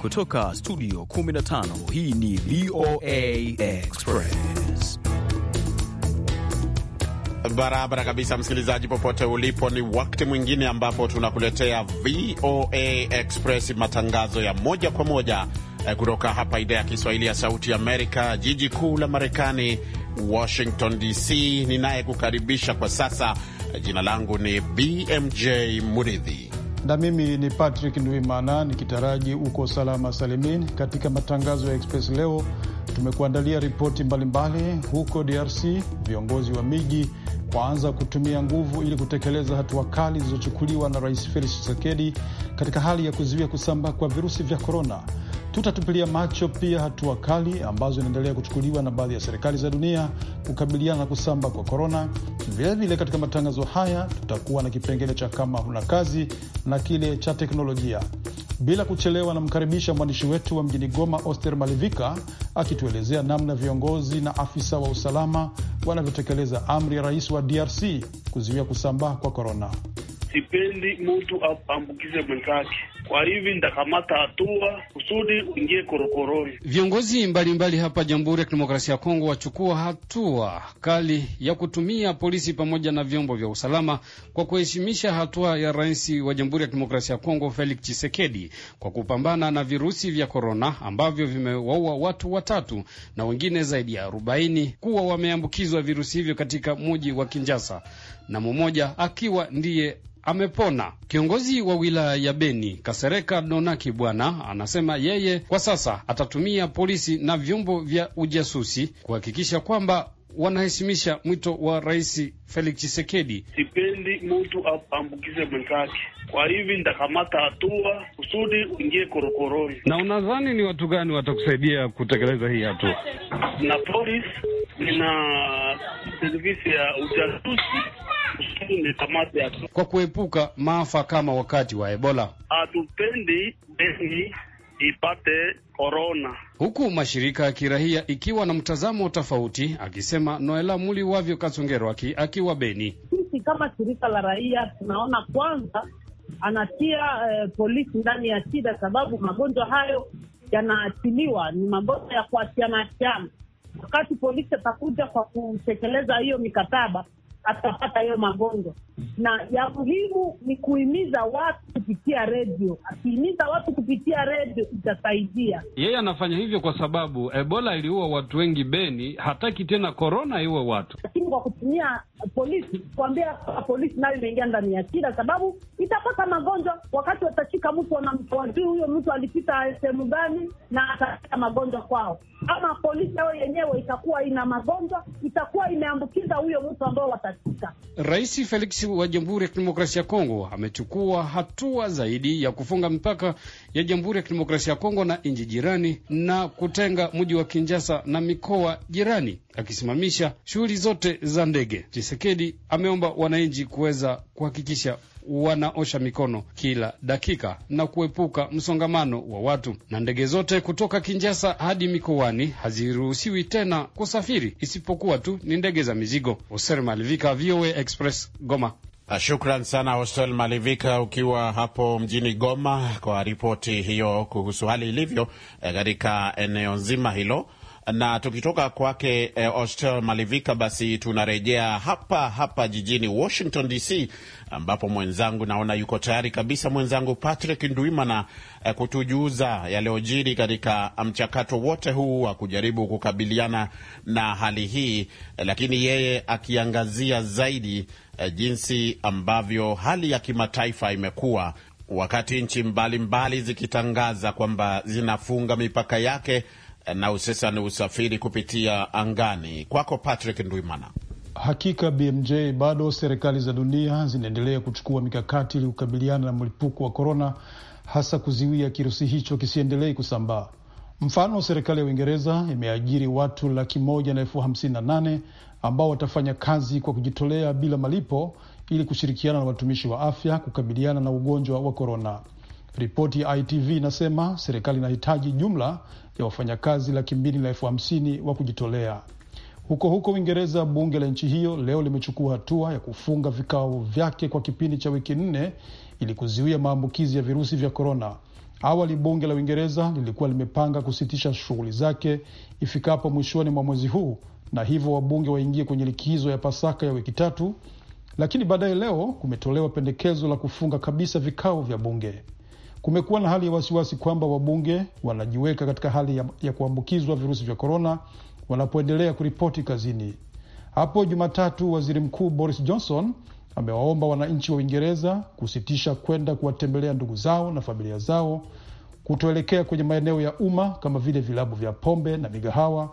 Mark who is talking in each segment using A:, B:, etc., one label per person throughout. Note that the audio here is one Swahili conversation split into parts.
A: Kutoka studio 15 hii ni VOA
B: Express barabara kabisa, msikilizaji, popote ulipo, ni wakati mwingine ambapo tunakuletea VOA Express, matangazo ya moja kwa moja eh, kutoka hapa idhaa ya Kiswahili ya Sauti Amerika, jiji kuu la Marekani, Washington DC. Ninayekukaribisha kwa sasa, eh, jina langu ni BMJ Muridhi
C: na mimi ni Patrick Ndwimana nikitaraji uko salama salimin. Katika matangazo ya Express leo tumekuandalia ripoti mbalimbali. Huko DRC viongozi wa miji waanza kutumia nguvu ili kutekeleza hatua kali zilizochukuliwa na Rais Felix Tshisekedi katika hali ya kuzuia kusambaa kwa virusi vya korona. Tutatupilia macho pia hatua kali ambazo inaendelea kuchukuliwa na baadhi ya serikali za dunia kukabiliana na kusamba kwa korona. Vilevile, katika matangazo haya tutakuwa na kipengele cha kama huna kazi na kile cha teknolojia. Bila kuchelewa, namkaribisha mwandishi wetu wa mjini Goma, Oster Malivika, akituelezea namna viongozi na afisa wa usalama wanavyotekeleza amri ya rais wa DRC kuzuia kusambaa kwa korona.
D: Sipendi mtu aambukize mwenzake kwa hivi nitakamata hatua kusudi uingie korokoroni.
C: Viongozi mbalimbali mbali hapa Jamhuri
D: ya Kidemokrasia ya Kongo wachukua hatua kali ya kutumia polisi pamoja na vyombo vya usalama kwa kuheshimisha hatua ya rais wa Jamhuri ya Kidemokrasia ya Kongo Felix Tshisekedi kwa kupambana na virusi vya korona ambavyo vimewaua watu watatu na wengine zaidi ya arobaini kuwa wameambukizwa virusi hivyo katika mji wa Kinshasa na mmoja akiwa ndiye amepona. Kiongozi wa wilaya ya Beni Kasereka Donaki Bwana anasema yeye kwa sasa atatumia polisi na vyombo vya ujasusi kuhakikisha kwamba wanaheshimisha mwito wa Rais Felix chisekedi Sipendi mtu aambukize mwenzake, kwa hivi nitakamata hatua kusudi uingie korokoroni. Na unadhani ni watu gani watakusaidia kutekeleza hii hatua? Na polisi na servisi ya ujasusi kwa kuepuka maafa kama wakati wa Ebola. Hatupendi Beni ipate korona. Huku mashirika ya kirahia ikiwa na mtazamo tofauti, akisema Noela Muli wavyo Kasongerwaki akiwa Beni.
E: Sisi kama shirika la raia tunaona kwanza anatia eh, polisi ndani ya shida, sababu magonjwa hayo yanaachiliwa ni magonjwa ya kuachiana achiana. Wakati polisi atakuja kwa kutekeleza hiyo mikataba atapata hiyo magonjwa. Na ya muhimu ni kuhimiza watu kupitia redio. Akihimiza watu kupitia redio itasaidia.
D: Yeye anafanya hivyo kwa sababu Ebola iliua watu wengi Beni, hataki tena korona iwe watu
E: tu kwa kutumia polisi, kuambia polisi nayo imeingia ndani ya shida, sababu itapata magonjwa wakati watashika mtu, wanamtoa juu, huyo mtu alipita sehemu gani na atapata magonjwa kwao, ama polisi yao yenyewe itakuwa ina magonjwa, itakuwa imeambukiza huyo mtu ambao watashika.
D: Rais Felix wa Jamhuri ya Kidemokrasia ya Kongo amechukua hatua zaidi ya kufunga mipaka ya Jamhuri ya Kidemokrasia ya Kongo na nchi jirani na kutenga mji wa Kinjasa na mikoa jirani, akisimamisha shughuli zote za ndege. Chisekedi ameomba wananchi kuweza kuhakikisha wanaosha mikono kila dakika na kuepuka msongamano wa watu, na ndege zote kutoka kinjasa hadi mikoani haziruhusiwi tena kusafiri isipokuwa tu ni ndege za mizigo. Hoser Malivika, VOA Express,
B: Goma. Ah, shukran sana Hostel Malivika ukiwa hapo mjini Goma kwa ripoti hiyo kuhusu hali ilivyo eh, katika eneo nzima hilo na tukitoka kwake eh, Malivika, basi tunarejea hapa hapa jijini Washington DC, ambapo mwenzangu naona yuko tayari kabisa, mwenzangu Patrick Ndwimana eh, kutujuza yaliyojiri katika eh, mchakato wote huu wa kujaribu kukabiliana na hali hii eh, lakini yeye akiangazia zaidi eh, jinsi ambavyo hali ya kimataifa imekuwa wakati nchi mbalimbali zikitangaza kwamba zinafunga mipaka yake na hususan usafiri kupitia angani. Kwako Patrick Ndwimana.
C: Hakika BMJ, bado serikali za dunia zinaendelea kuchukua mikakati ili kukabiliana na mlipuko wa korona, hasa kuziwia kirusi hicho kisiendelei kusambaa. Mfano, serikali ya Uingereza imeajiri watu laki moja na elfu hamsini na nane ambao watafanya kazi kwa kujitolea bila malipo ili kushirikiana na watumishi wa afya kukabiliana na ugonjwa wa korona. Ripoti ya ITV inasema serikali inahitaji jumla ya wafanyakazi laki mbili na elfu hamsini wa kujitolea. Huko huko Uingereza, bunge la nchi hiyo leo limechukua hatua ya kufunga vikao vyake kwa kipindi cha wiki nne ili kuzuia maambukizi ya virusi vya korona. Awali bunge la Uingereza lilikuwa limepanga kusitisha shughuli zake ifikapo mwishoni mwa mwezi huu na hivyo wabunge waingie kwenye likizo ya Pasaka ya wiki tatu, lakini baadaye leo kumetolewa pendekezo la kufunga kabisa vikao vya bunge. Kumekuwa na hali ya wasiwasi kwamba wabunge wanajiweka katika hali ya, ya kuambukizwa virusi vya korona wanapoendelea kuripoti kazini. Hapo Jumatatu, waziri mkuu Boris Johnson amewaomba wananchi wa Uingereza kusitisha kwenda kuwatembelea ndugu zao na familia zao, kutoelekea kwenye maeneo ya umma kama vile vilabu vya pombe na migahawa,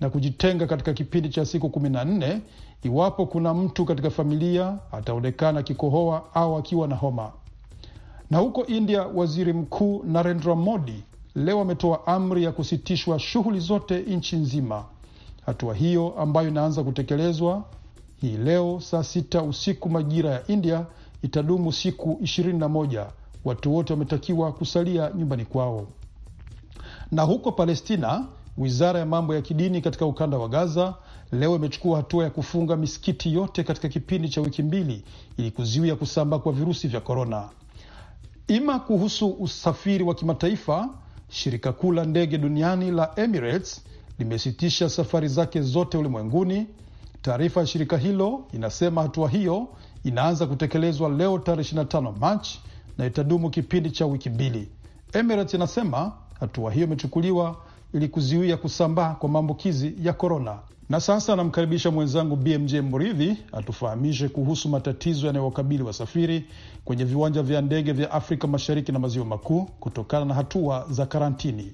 C: na kujitenga katika kipindi cha siku kumi na nne iwapo kuna mtu katika familia ataonekana akikohoa au akiwa na homa. Na huko India, waziri mkuu Narendra Modi leo ametoa amri ya kusitishwa shughuli zote nchi nzima. Hatua hiyo ambayo inaanza kutekelezwa hii leo saa sita usiku majira ya India itadumu siku ishirini na moja. Watu wote wametakiwa kusalia nyumbani kwao. Na huko Palestina, wizara ya mambo ya kidini katika ukanda wa Gaza leo imechukua hatua ya kufunga misikiti yote katika kipindi cha wiki mbili ili kuzuia kusambaa kwa virusi vya korona. Ima kuhusu usafiri wa kimataifa, shirika kuu la ndege duniani la Emirates limesitisha safari zake zote ulimwenguni. Taarifa ya shirika hilo inasema hatua hiyo inaanza kutekelezwa leo tarehe 25 Machi na itadumu kipindi cha wiki mbili. Emirates inasema hatua hiyo imechukuliwa ili kuzuia kusambaa kwa maambukizi ya korona. Na sasa anamkaribisha mwenzangu BMJ Mridhi atufahamishe kuhusu matatizo yanayowakabili wasafiri kwenye viwanja vya ndege vya Afrika Mashariki na Maziwa Makuu kutokana na hatua za karantini.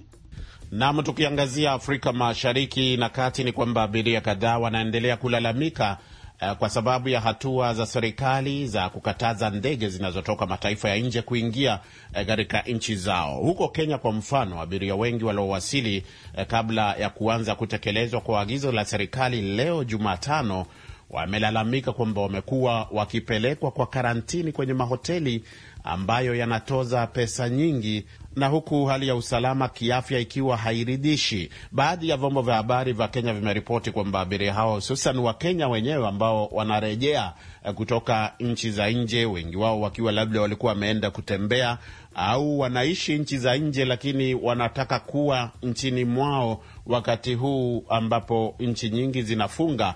B: Nam, tukiangazia Afrika Mashariki na Kati, ni kwamba abiria kadhaa wanaendelea kulalamika Eh, kwa sababu ya hatua za serikali za kukataza ndege zinazotoka mataifa ya nje kuingia eh, katika nchi zao. Huko Kenya kwa mfano, abiria wengi waliowasili eh, kabla ya kuanza kutekelezwa kwa agizo la serikali leo Jumatano wamelalamika kwamba wamekuwa wakipelekwa kwa karantini kwenye mahoteli ambayo yanatoza pesa nyingi na huku hali ya usalama kiafya ikiwa hairidhishi. Baadhi ya vyombo vya habari vya Kenya vimeripoti kwamba abiria hao hususan Wakenya wenyewe ambao wanarejea eh, kutoka nchi za nje, wengi wao wakiwa labda walikuwa wameenda kutembea au wanaishi nchi za nje, lakini wanataka kuwa nchini mwao wakati huu ambapo nchi nyingi zinafunga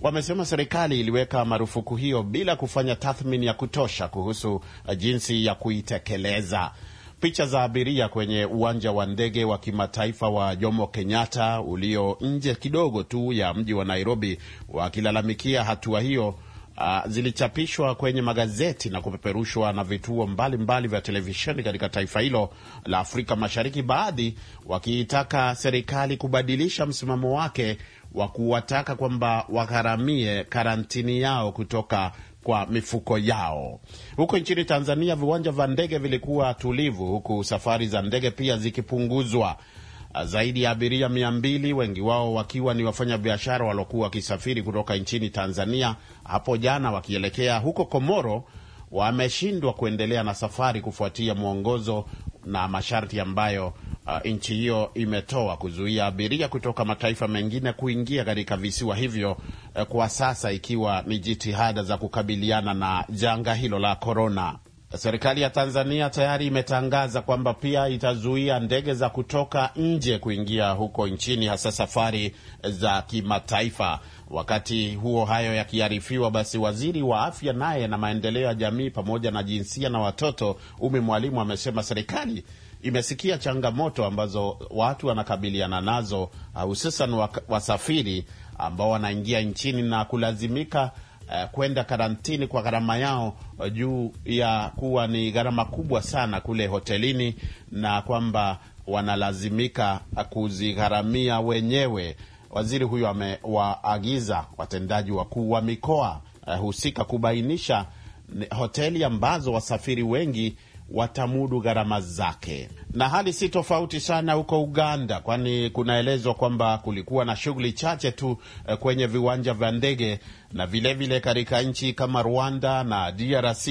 B: wamesema serikali iliweka marufuku hiyo bila kufanya tathmini ya kutosha kuhusu uh, jinsi ya kuitekeleza. Picha za abiria kwenye uwanja wa ndege wa kimataifa wa Jomo Kenyatta ulio nje kidogo tu ya mji wa Nairobi wakilalamikia hatua hiyo Uh, zilichapishwa kwenye magazeti na kupeperushwa na vituo mbalimbali mbali vya televisheni katika taifa hilo la Afrika Mashariki, baadhi wakiitaka serikali kubadilisha msimamo wake wa kuwataka kwamba wagharamie karantini yao kutoka kwa mifuko yao. Huko nchini Tanzania, viwanja vya ndege vilikuwa tulivu, huku safari za ndege pia zikipunguzwa. Zaidi ya abiria mia mbili, wengi wao wakiwa ni wafanyabiashara waliokuwa wakisafiri kutoka nchini Tanzania hapo jana wakielekea huko Komoro, wameshindwa kuendelea na safari kufuatia mwongozo na masharti ambayo uh, nchi hiyo imetoa kuzuia abiria kutoka mataifa mengine kuingia katika visiwa hivyo uh, kwa sasa ikiwa ni jitihada za kukabiliana na janga hilo la korona. Serikali ya Tanzania tayari imetangaza kwamba pia itazuia ndege za kutoka nje kuingia huko nchini, hasa safari eh, za kimataifa. Wakati huo hayo yakiarifiwa, basi waziri wa afya naye na maendeleo ya jamii pamoja na jinsia na watoto, Umi Mwalimu, amesema serikali imesikia changamoto ambazo watu wanakabiliana nazo, hususan wasafiri ambao wanaingia nchini na kulazimika uh, kwenda karantini kwa gharama yao eh, juu ya kuwa ni gharama kubwa sana kule hotelini, na kwamba wanalazimika kuzigharamia wenyewe. Waziri huyo amewaagiza watendaji wakuu wa mikoa uh, husika kubainisha hoteli ambazo wasafiri wengi watamudu gharama zake. Na hali si tofauti sana huko Uganda, kwani kunaelezwa kwamba kulikuwa na shughuli chache tu eh, kwenye viwanja vya ndege, na vilevile katika nchi kama Rwanda na DRC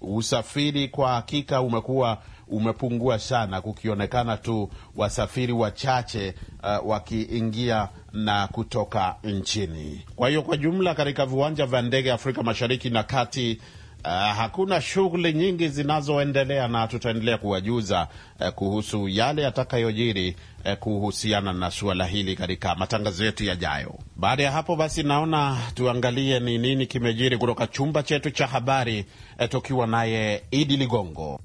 B: usafiri kwa hakika umekuwa umepungua sana, kukionekana tu wasafiri wachache uh, wakiingia na kutoka nchini. Kwa hiyo kwa jumla, katika viwanja vya ndege Afrika Mashariki na Kati Uh, hakuna shughuli nyingi zinazoendelea na tutaendelea kuwajuza uh, kuhusu yale yatakayojiri uh, kuhusiana na suala hili katika matangazo yetu yajayo. Baada ya hapo basi, naona tuangalie ni nini kimejiri kutoka chumba chetu cha habari uh, tukiwa naye Idi Ligongo.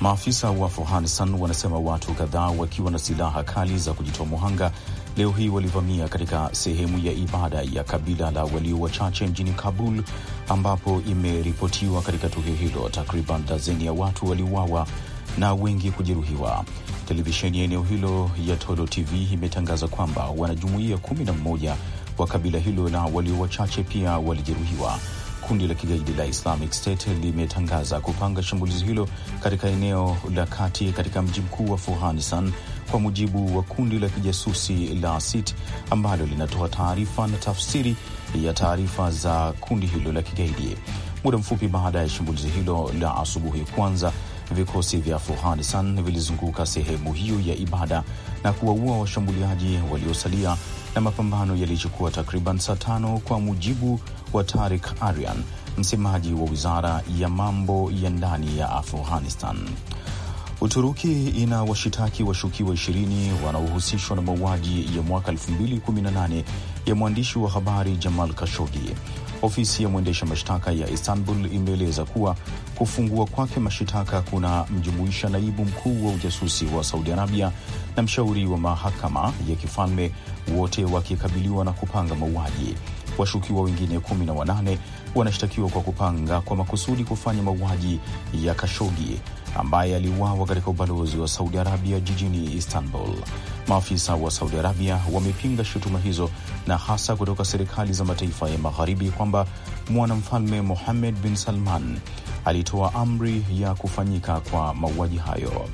A: Maafisa wa Afghanistan wanasema watu kadhaa wakiwa na silaha kali za kujitoa muhanga leo hii walivamia katika sehemu ya ibada ya kabila la walio wachache mjini Kabul, ambapo imeripotiwa katika tukio hilo takriban dazeni ya watu waliuawa na wengi kujeruhiwa. Televisheni ya eneo hilo ya Tolo TV imetangaza kwamba wanajumuia kumi na mmoja wa kabila hilo la walio wachache pia walijeruhiwa. Kundi la kigaidi la Islamic State limetangaza kupanga shambulizi hilo katika eneo la kati katika mji mkuu wa Afghanistan kwa mujibu wa kundi la kijasusi la SIT ambalo linatoa taarifa na tafsiri ya taarifa za kundi hilo la kigaidi. Muda mfupi baada ya shambulizi hilo la asubuhi kwanza, vikosi vya Afghanistan vilizunguka sehemu hiyo ya ibada na kuwaua washambuliaji waliosalia, na mapambano yalichukua takriban saa tano, kwa mujibu wa Tarik Aryan, msemaji wa wizara ya mambo ya ndani ya Afghanistan. Uturuki ina washitaki washukiwa ishirini wanaohusishwa na mauaji ya mwaka 2018 ya mwandishi wa habari Jamal kashogi Ofisi ya mwendesha mashtaka ya Istanbul imeeleza kuwa kufungua kwake mashitaka kuna mjumuisha naibu mkuu wa ujasusi wa Saudi Arabia na mshauri wa mahakama ya kifalme, wote wakikabiliwa na kupanga mauaji. Washukiwa wengine 18 na wanashtakiwa kwa kupanga kwa makusudi kufanya mauaji ya kashogi ambaye aliuawa katika ubalozi wa Saudi Arabia jijini Istanbul. Maafisa wa Saudi Arabia wamepinga shutuma hizo na hasa kutoka serikali za mataifa ya Magharibi kwamba mwanamfalme Mohammed bin Salman alitoa amri ya kufanyika kwa mauaji hayo.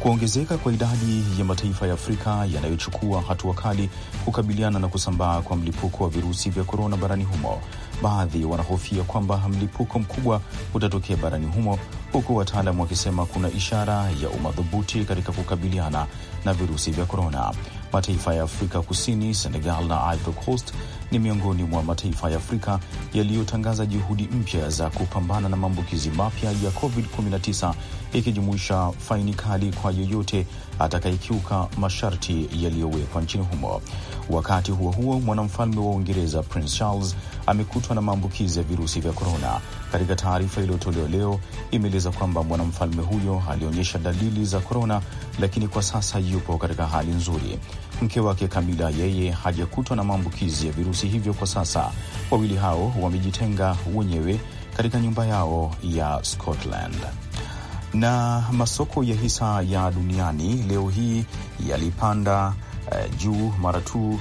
A: Kuongezeka kwa idadi ya mataifa ya Afrika yanayochukua hatua kali kukabiliana na kusambaa kwa mlipuko wa virusi vya korona barani humo, baadhi wanahofia kwamba mlipuko mkubwa utatokea barani humo, huku wataalam wakisema kuna ishara ya umadhubuti katika kukabiliana na virusi vya korona. Mataifa ya Afrika Kusini, Senegal na Ivory Coast ni miongoni mwa mataifa ya Afrika yaliyotangaza juhudi mpya za kupambana na maambukizi mapya ya COVID-19 ikijumuisha faini kali kwa yeyote atakayekiuka masharti yaliyowekwa nchini humo. Wakati huo huo, mwanamfalme wa Uingereza Prince Charles amekutwa na maambukizi ya virusi vya korona. Katika taarifa iliyotolewa leo, imeeleza kwamba mwanamfalme huyo alionyesha dalili za korona, lakini kwa sasa yupo katika hali nzuri mke wake Kamila yeye hajakutwa na maambukizi ya virusi hivyo kwa sasa. Wawili hao wamejitenga wenyewe katika nyumba yao ya Scotland. Na masoko ya hisa ya duniani leo hii yalipanda uh, juu mara tu uh,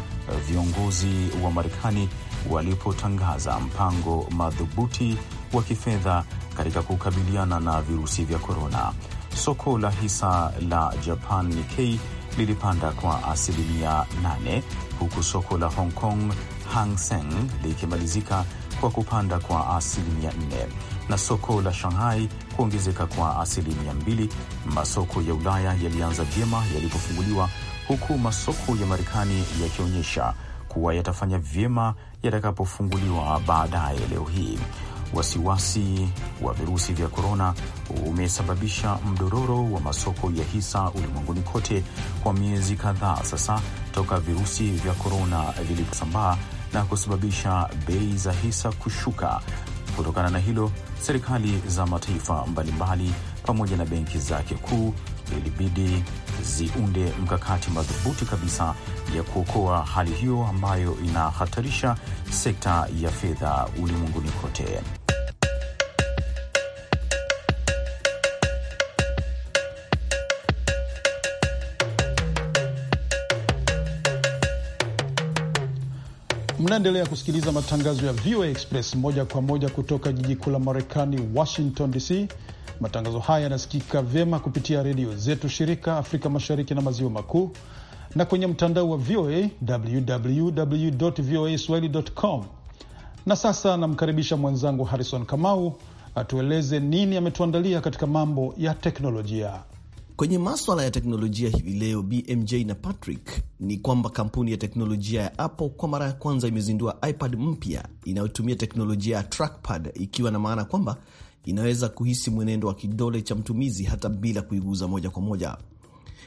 A: viongozi wa Marekani walipotangaza mpango madhubuti wa kifedha katika kukabiliana na virusi vya korona. Soko la hisa la Japan Nikkei lilipanda kwa asilimia 8 huku soko la Hong Kong Hang Seng likimalizika kwa kupanda kwa asilimia 4 na soko la Shanghai kuongezeka kwa asilimia 2. Masoko ya Ulaya yalianza vyema yalipofunguliwa huku masoko ya Marekani yakionyesha kuwa yatafanya vyema yatakapofunguliwa baadaye leo hii wasiwasi wa virusi vya korona umesababisha mdororo wa masoko ya hisa ulimwenguni kote kwa miezi kadhaa sasa toka virusi vya korona viliposambaa na kusababisha bei za hisa kushuka. Kutokana na hilo, serikali za mataifa mbalimbali pamoja na benki zake kuu ilibidi ziunde mkakati madhubuti kabisa ya kuokoa hali hiyo ambayo inahatarisha sekta ya fedha ulimwenguni kote.
C: Unaendelea kusikiliza matangazo ya VOA Express moja kwa moja kutoka jiji kuu la Marekani, Washington DC. Matangazo haya yanasikika vyema kupitia redio zetu shirika Afrika Mashariki na Maziwa Makuu, na kwenye mtandao wa VOA www voa swahili com. Na sasa namkaribisha mwenzangu Harrison Kamau atueleze nini ametuandalia katika mambo ya teknolojia. Kwenye maswala ya
F: teknolojia hivi leo, BMJ na Patrick, ni kwamba kampuni ya teknolojia ya Apple kwa mara ya kwanza imezindua iPad mpya inayotumia teknolojia ya trackpad, ikiwa na maana kwamba inaweza kuhisi mwenendo wa kidole cha mtumizi hata bila kuiguza moja kwa moja.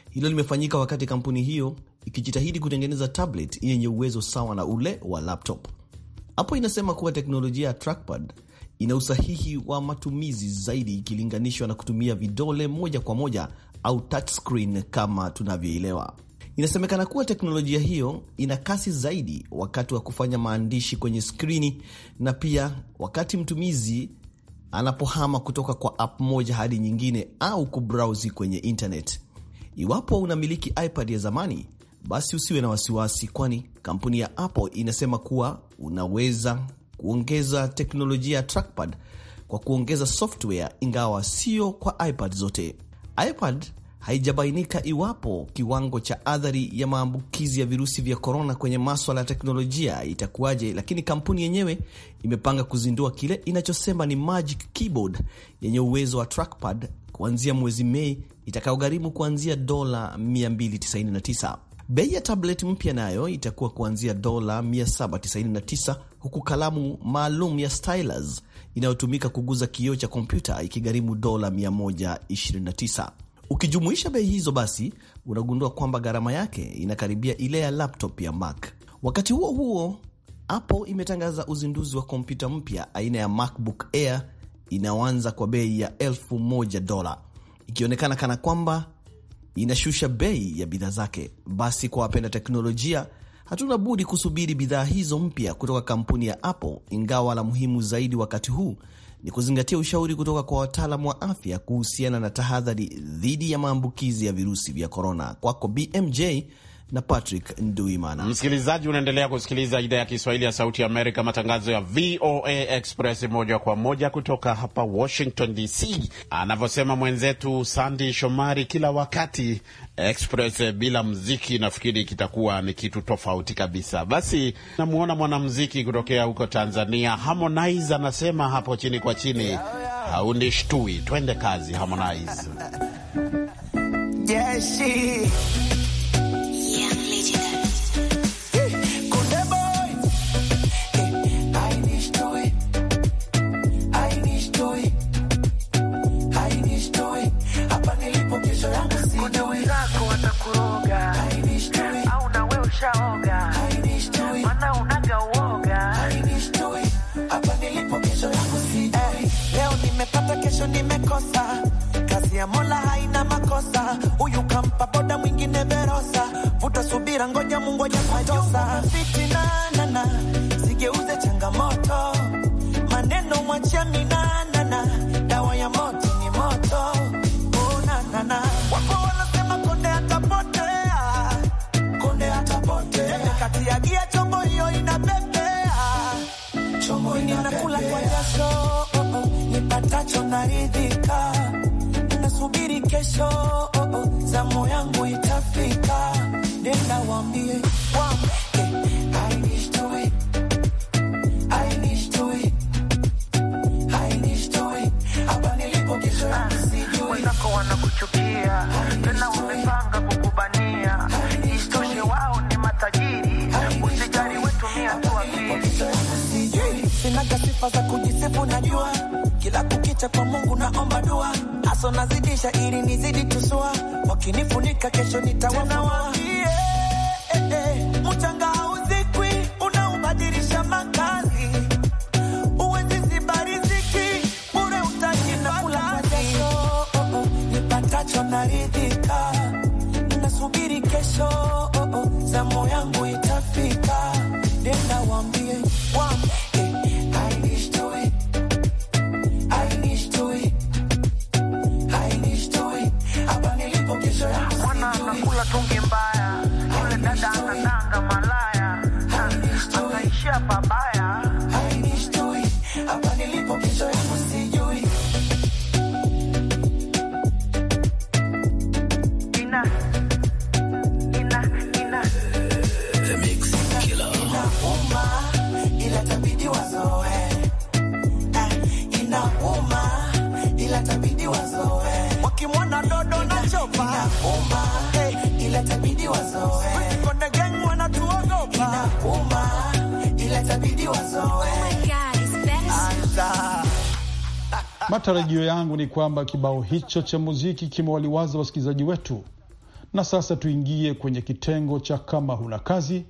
F: Hilo limefanyika wakati kampuni hiyo ikijitahidi kutengeneza tablet yenye uwezo sawa na ule wa laptop. Hapo inasema kuwa teknolojia ya trackpad ina usahihi wa matumizi zaidi ikilinganishwa na kutumia vidole moja kwa moja au touchscreen kama tunavyoelewa. Inasemekana kuwa teknolojia hiyo ina kasi zaidi wakati wa kufanya maandishi kwenye skrini na pia wakati mtumizi anapohama kutoka kwa app moja hadi nyingine au kubrowsi kwenye internet. Iwapo unamiliki iPad ya zamani, basi usiwe na wasiwasi, kwani kampuni ya Apple inasema kuwa unaweza kuongeza teknolojia ya trackpad kwa kuongeza software, ingawa sio kwa iPad zote iPad haijabainika iwapo kiwango cha athari ya maambukizi ya virusi vya korona kwenye maswala ya teknolojia itakuwaje, lakini kampuni yenyewe imepanga kuzindua kile inachosema ni Magic Keyboard yenye uwezo wa trackpad kuanzia mwezi Mei, itakayogharimu kuanzia dola 299. Bei ya tableti mpya nayo itakuwa kuanzia dola 799 huku kalamu maalum ya stylus inayotumika kuguza kioo cha kompyuta ikigharimu dola 129. Ukijumuisha bei hizo, basi unagundua kwamba gharama yake inakaribia ile ya laptop ya Mac. Wakati huo huo, Apple imetangaza uzinduzi wa kompyuta mpya aina ya MacBook Air inayoanza kwa bei ya elfu moja dola, ikionekana kana kwamba inashusha bei ya bidhaa zake. Basi kwa wapenda teknolojia Hatuna budi kusubiri bidhaa hizo mpya kutoka kampuni ya Apple, ingawa la muhimu zaidi wakati huu ni kuzingatia ushauri kutoka kwa wataalamu wa afya kuhusiana na tahadhari dhidi ya maambukizi ya virusi vya korona. Kwako BMJ, na Patrick Nduimana.
B: Msikilizaji, unaendelea kusikiliza idhaa ya Kiswahili ya Sauti ya Amerika, matangazo ya VOA Express moja kwa moja kutoka hapa Washington DC. Anavyosema mwenzetu Sandi Shomari, kila wakati Express bila mziki nafikiri kitakuwa ni kitu tofauti kabisa. Basi namwona mwanamziki kutokea huko Tanzania, Harmonize anasema hapo chini kwa chini, haunishtui. Twende kazi, Harmonize.
G: yeah, ushaoga, mana unaga uoga. Hapa nilipo kesho yangu leo nimepata, kesho nimekosa. Kazi ya Mola haina makosa, huyu kampa boda mwingine verosa. Vuta subira, ngoja Mungu aje Fitina nana, sigeuze changamoto, maneno nacho naridhika, nasubiri kesho, oh, oh, zamu yangu itafika, nenda waambie kuacha kwa Mungu, naomba dua aso nazidisha ili nizidi tusua, wakinifunika kesho nitawafuwa
C: Matarajio yangu ni kwamba kibao hicho cha muziki kimewaliwaza wasikilizaji wetu. Na sasa tuingie kwenye kitengo cha kama huna kazi.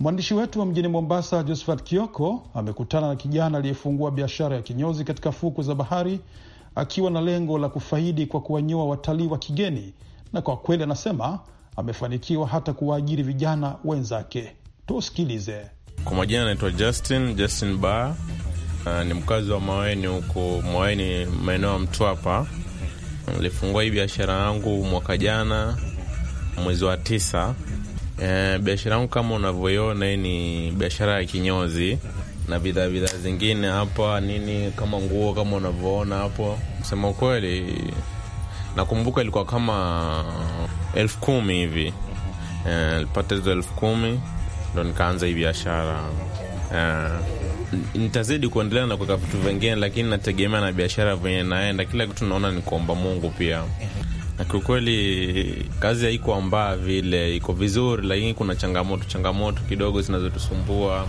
C: Mwandishi wetu wa mjini Mombasa, Josephat Kioko, amekutana na kijana aliyefungua biashara ya kinyozi katika fukwe za bahari akiwa na lengo la kufaidi kwa kuwanyoa watalii wa kigeni, na kwa kweli anasema amefanikiwa hata kuwaajiri vijana wenzake. Tusikilize.
H: Kwa majina anaitwa Justin Justin Ba. Uh, ni mkazi wa Maweni huko Maweni, maeneo ya Mtwapa. Nilifungua hii biashara yangu mwaka jana mwezi wa tisa. E, biashara yangu kama unavyoiona hii ni biashara ya kinyozi na bidhaa bidhaa zingine hapa nini kama nguo kama unavyoona hapo. Kusema kweli, nakumbuka ilikuwa kama elfu kumi hivi lipata e, hizo elfu kumi ndo nikaanza hii biashara uh, Nitazidi kuendelea na kuweka vitu vingine, lakini nategemea na biashara venye naenda. Kila kitu naona ni kuomba Mungu pia, na kiukweli kazi haiko mbaya vile, iko vizuri, lakini kuna changamoto changamoto kidogo zinazotusumbua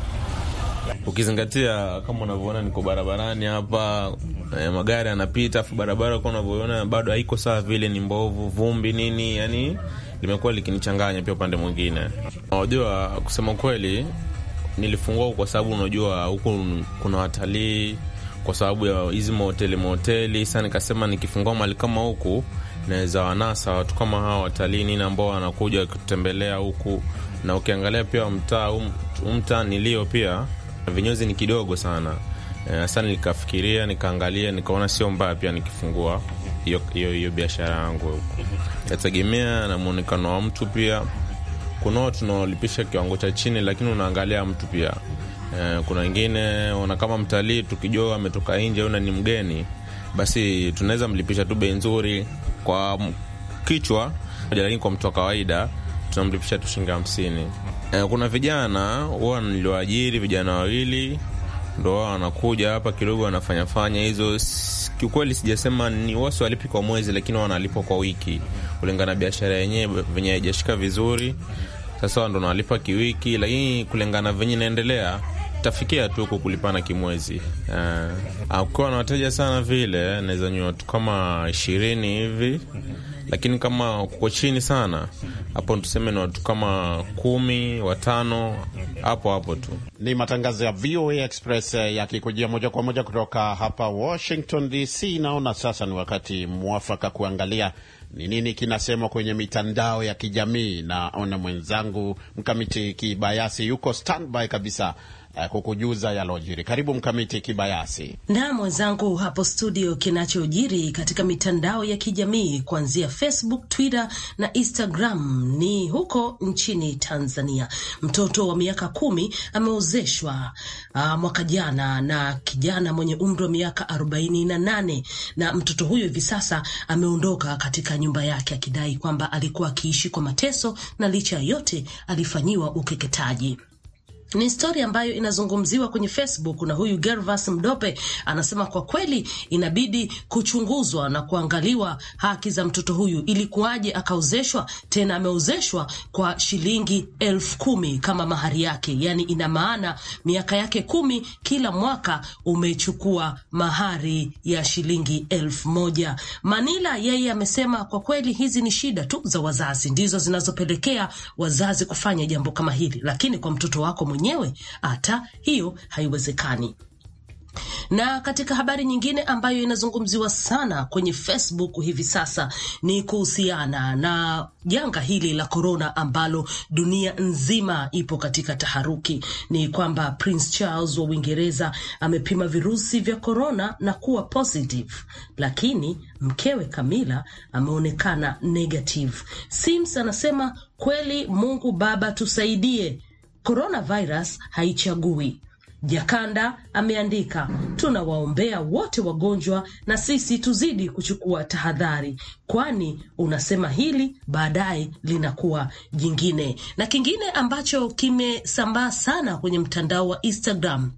H: ukizingatia kama unavyoona niko barabarani hapa eh, magari yanapita, afu barabara kwa unavyoona bado haiko sawa vile, ni mbovu, vumbi nini, yani limekuwa likinichanganya pia upande mwingine. Unajua, kusema kweli, nilifungua kwa sababu unajua huku kuna watalii kwa sababu ya hizi mahoteli mahoteli. Sasa nikasema nikifungua mahali kama huku naweza wanasa watu kama hawa watalii nini, ambao wanakuja wakitutembelea huku, na ukiangalia pia mtaa mtaa nilio pia vinyozi ni kidogo sana. Eh, sasa nikafikiria nikaangalia, nikaona sio mbaya pia nikifungua hiyo biashara yangu, Nategemea na mwonekano wa mtu pia. Kuna watu tunaolipisha kiwango cha chini, lakini unaangalia mtu pia e, kuna wengine ona kama mtalii, tukijua ametoka nje au ni mgeni, basi tunaweza mlipisha tu bei nzuri kwa kichwa, lakini kwa mtu wa kawaida tunamlipisha tu shilingi hamsini. E, kuna vijana huwa niliwaajiri vijana wawili ndo wao wanakuja hapa kidogo wanafanyafanya hizo. Kiukweli sijasema ni wasi walipi kwa mwezi, lakini wanalipwa kwa wiki kulingana biashara yenyewe venye haijashika vizuri. Sasa ndo nalipa kiwiki, lakini kulingana venye naendelea tafikia tu huko kulipana kimwezi. Uh, eh, ukiwa na wateja sana vile naweza nyua tu kama ishirini hivi, lakini kama kuko chini sana hapo tuseme ni watu kama kumi
B: watano hapo hapo tu. Ni matangazo ya VOA Express eh, yakikujia moja kwa moja kutoka hapa Washington DC. Naona sasa ni wakati mwafaka kuangalia ni nini kinasemwa kwenye mitandao ya kijamii. Naona mwenzangu Mkamiti Kibayasi yuko standby kabisa uh, kukujuza yalojiri. Karibu Mkamiti Kibayasi.
E: na mwenzangu hapo studio, kinachojiri katika mitandao ya kijamii kuanzia Facebook, Twitter na Instagram ni huko nchini Tanzania. Mtoto wa miaka kumi ameozeshwa uh, mwaka jana na kijana mwenye umri wa miaka arobaini na nane na mtoto huyo hivi sasa ameondoka katika nyumba yake akidai kwamba alikuwa akiishi kwa mateso na licha ya yote alifanyiwa ukeketaji. Ni stori ambayo inazungumziwa kwenye Facebook na huyu Gervas Mdope anasema kwa kweli inabidi kuchunguzwa na kuangaliwa haki za mtoto huyu, ilikuwaje akaozeshwa tena, ameozeshwa kwa shilingi elfu kumi kama mahari yake. Yani ina maana miaka yake kumi, kila mwaka umechukua mahari ya shilingi elfu moja. Manila yeye amesema kwa kweli hizi ni shida tu za wazazi, ndizo zinazopelekea wazazi kufanya jambo kama hili, lakini kwa mtoto wako mwenye mwenyewe? Hata hiyo haiwezekani. Na katika habari nyingine ambayo inazungumziwa sana kwenye Facebook hivi sasa ni kuhusiana na janga hili la korona ambalo dunia nzima ipo katika taharuki. Ni kwamba Prince Charles wa Uingereza amepima virusi vya korona na kuwa positive, lakini mkewe Camilla ameonekana negative. Sims anasema kweli, Mungu Baba tusaidie Coronavirus haichagui. Jakanda ameandika, tunawaombea wote wagonjwa na sisi tuzidi kuchukua tahadhari, kwani unasema hili baadaye linakuwa jingine. Na kingine ambacho kimesambaa sana kwenye mtandao wa Instagram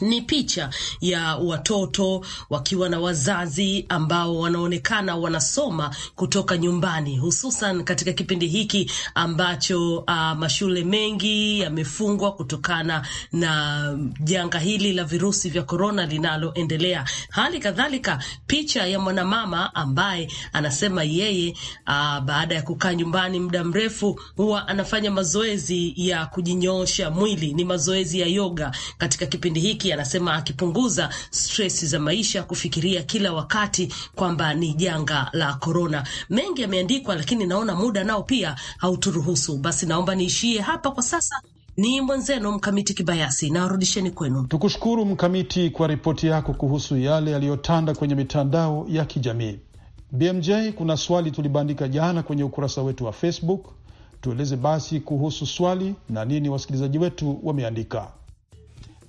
E: ni picha ya watoto wakiwa na wazazi ambao wanaonekana wanasoma kutoka nyumbani, hususan katika kipindi hiki ambacho uh, mashule mengi yamefungwa kutokana na janga hili la virusi vya korona linaloendelea. Hali kadhalika picha ya mwanamama ambaye anasema yeye, uh, baada ya kukaa nyumbani muda mrefu, huwa anafanya mazoezi ya kujinyoosha mwili, ni mazoezi ya yoga katika kipindi hiki anasema akipunguza stress za maisha, kufikiria kila wakati kwamba ni janga la korona. Mengi yameandikwa, lakini naona muda nao pia hauturuhusu. Basi naomba niishie hapa kwa sasa. Ni mwenzenu Mkamiti Kibayasi, nawarudisheni kwenu.
C: Tukushukuru Mkamiti kwa ripoti yako kuhusu yale yaliyotanda kwenye mitandao ya kijamii. BMJ, kuna swali tulibandika jana kwenye ukurasa wetu wa Facebook. Tueleze basi kuhusu swali na nini wasikilizaji wetu wameandika.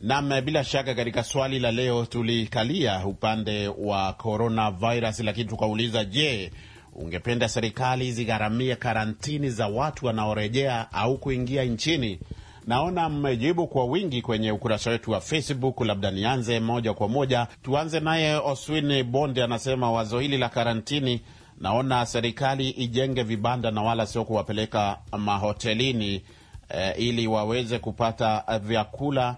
B: Nam, bila shaka katika swali la leo tulikalia upande wa coronavirus, lakini tukauliza, je, ungependa serikali zigharamie karantini za watu wanaorejea au kuingia nchini? Naona mmejibu kwa wingi kwenye ukurasa wetu wa Facebook. Labda nianze moja kwa moja, tuanze naye Oswin Bonde anasema wazo hili la karantini, naona serikali ijenge vibanda na wala sio kuwapeleka mahotelini, eh, ili waweze kupata vyakula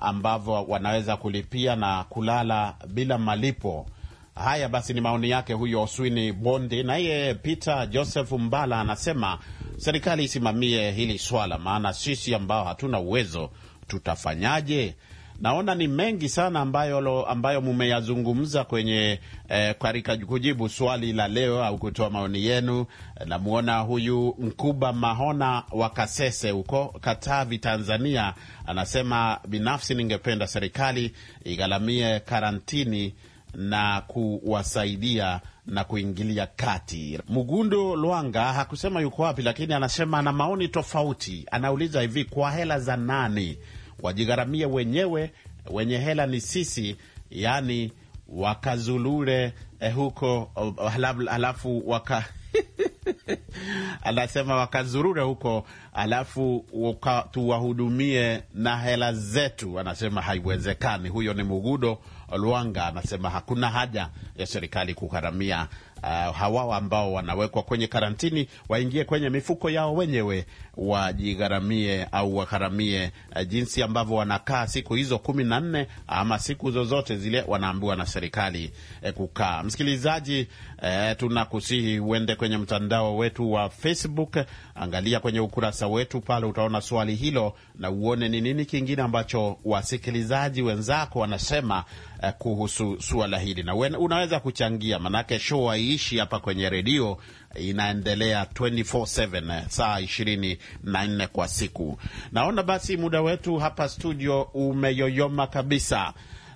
B: ambavyo wanaweza kulipia na kulala bila malipo. Haya basi, ni maoni yake huyo Oswini Bondi. Na Peter Joseph Mbala anasema serikali isimamie hili swala, maana sisi ambao hatuna uwezo tutafanyaje? naona ni mengi sana ambayo, ambayo mumeyazungumza kwenye eh, katika kujibu swali la leo au kutoa maoni yenu. Eh, Namwona huyu Mkuba Mahona wa Kasese huko Katavi, Tanzania, anasema binafsi ningependa serikali igharamie karantini na kuwasaidia na kuingilia kati. Mugundo Lwanga hakusema yuko wapi, lakini anasema ana maoni tofauti. Anauliza hivi, kwa hela za nani wajigharamie wenyewe, wenye hela ni sisi, yaani wakazulule eh, huko oh, oh, halafu waka anasema wakazurure huko, alafu tuwahudumie na hela zetu. Anasema haiwezekani. Huyo ni Mugudo Lwanga, anasema hakuna haja ya serikali kugharamia uh, hawao ambao wanawekwa kwenye karantini, waingie kwenye mifuko yao wenyewe wajigharamie au wagharamie uh, jinsi ambavyo wanakaa siku hizo kumi na nne ama siku zozote zile wanaambiwa na serikali eh, kukaa. Msikilizaji eh, tunakusihi uende kwenye mtandao mtandao wetu wa Facebook. Angalia kwenye ukurasa wetu pale, utaona swali hilo na uone ni nini kingine ambacho wasikilizaji wenzako wanasema eh, kuhusu suala hili, na unaweza kuchangia, manake show haiishi hapa kwenye redio, inaendelea 24/7 saa 24 kwa siku. Naona basi muda wetu hapa studio umeyoyoma kabisa.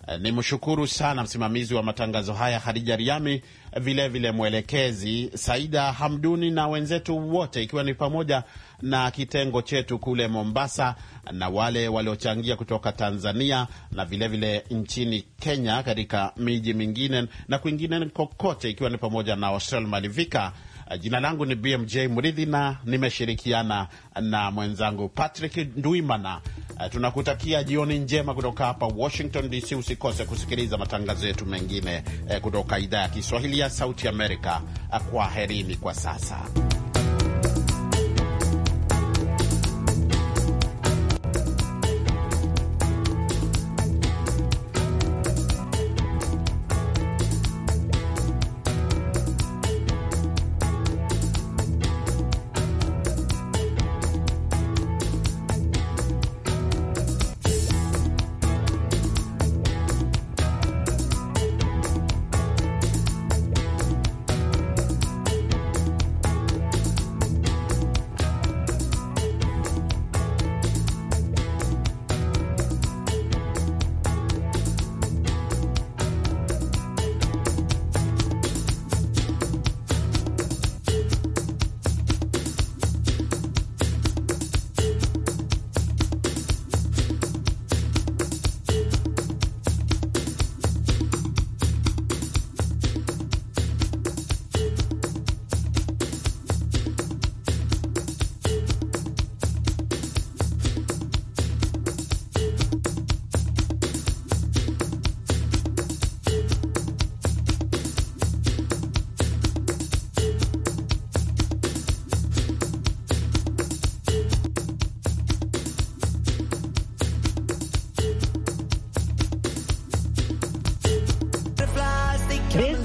B: Eh, ni mshukuru sana msimamizi wa matangazo haya Hadija Riami vilevile vile mwelekezi Saida Hamduni na wenzetu wote, ikiwa ni pamoja na kitengo chetu kule Mombasa na wale waliochangia kutoka Tanzania na vilevile vile nchini Kenya katika miji mingine na kwingine kokote, ikiwa ni pamoja na Australia Malivika Uh, jina langu ni BMJ Mridhi na nimeshirikiana na mwenzangu Patrick Ndwimana. Uh, tunakutakia jioni njema kutoka hapa Washington DC. Usikose kusikiliza matangazo yetu mengine uh, kutoka idhaa ya Kiswahili ya Sauti Amerika. herini kwa sasa.